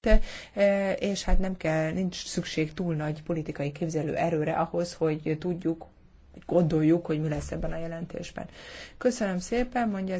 E, és hát nem kell, nincs szükség túl nagy politikai képzelő erőre ahhoz, hogy tudjuk, gondoljuk, hogy mi lesz ebben a jelentésben. Köszönöm szépen, mondja az